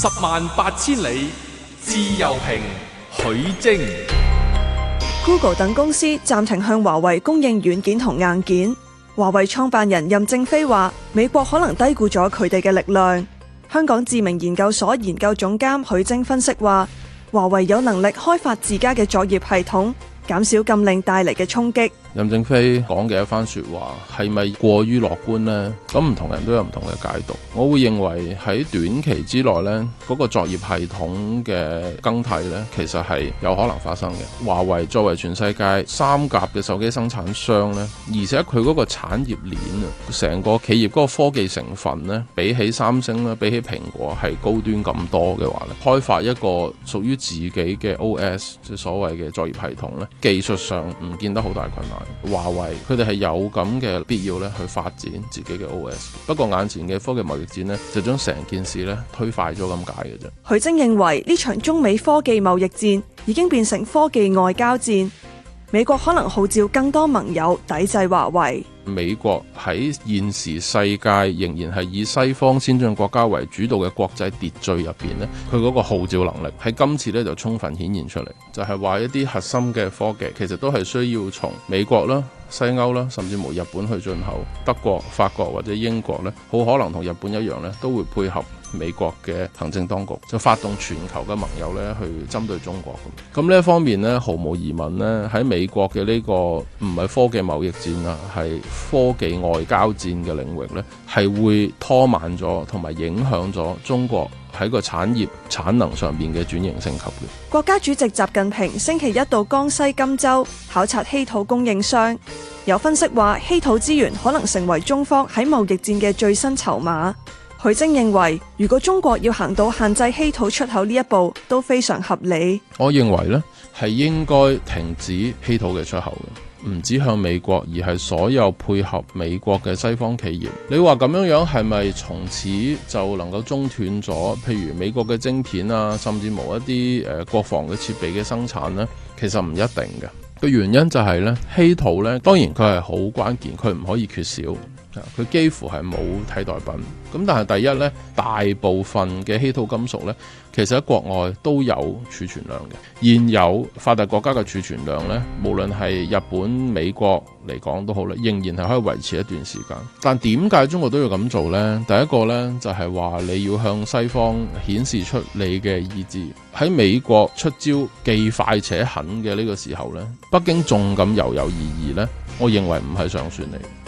十萬八千里，自由評。許楨，Google 等公司暫停向華為供應軟件同硬件。華為創辦人任正非話：美國可能低估咗佢哋嘅力量。香港智明研究所研究總監許楨分析話：華為有能力開發自家嘅作業系統，減少禁令帶嚟嘅衝擊。任正非講嘅一番説話係咪過於樂觀呢？咁唔同人都有唔同嘅解讀。我會認為喺短期之內呢，嗰個作業系統嘅更替呢，其實係有可能發生嘅。華為作為全世界三甲嘅手機生產商呢，而且佢嗰個產業鏈啊，成個企業嗰個科技成分呢，比起三星啦，比起蘋果係高端咁多嘅話呢，開發一個屬於自己嘅 OS，即所謂嘅作業系統呢，技術上唔見得好大困難。華為佢哋係有咁嘅必要咧，去發展自己嘅 OS。不過眼前嘅科技貿易戰就將成件事咧推快咗，咁解嘅啫。許楨認為呢場中美科技貿易戰已經變成科技外交戰，美國可能號召更多盟友抵制華為。美國喺現時世界仍然係以西方先進國家為主導嘅國際秩序入邊呢，佢嗰個號召能力喺今次呢，就充分顯現出嚟，就係、是、話一啲核心嘅科技其實都係需要從美國啦、西歐啦，甚至乎日本去進口，德國、法國或者英國呢，好可能同日本一樣呢，都會配合。美國嘅行政當局就發動全球嘅盟友咧，去針對中國咁。呢一方面呢，毫無疑問呢，喺美國嘅呢個唔係科技貿易戰啊，係科技外交戰嘅領域呢，係會拖慢咗同埋影響咗中國喺個產業產能上面嘅轉型升級嘅。國家主席習近平星期一到江西贛州考察稀土供應商，有分析話，稀土資源可能成為中方喺貿易戰嘅最新籌碼。許楨認為，如果中國要行到限制稀土出口呢一步都非常合理。我認為呢係應該停止稀土嘅出口嘅，唔止向美國，而係所有配合美國嘅西方企業。你話咁樣樣係咪從此就能夠中斷咗？譬如美國嘅晶片啊，甚至無一啲誒國防嘅設備嘅生產呢？其實唔一定嘅。個原因就係呢：稀土呢，當然佢係好關鍵，佢唔可以缺少。佢幾乎係冇替代品，咁但係第一呢，大部分嘅稀土金屬呢，其實喺國外都有儲存量嘅。現有發達國家嘅儲存量呢，無論係日本、美國嚟講都好啦，仍然係可以維持一段時間。但點解中國都要咁做呢？第一個呢，就係話你要向西方顯示出你嘅意志。喺美國出招既快且狠嘅呢個時候呢，北京仲咁猶猶豫豫呢，我認為唔係上算嚟。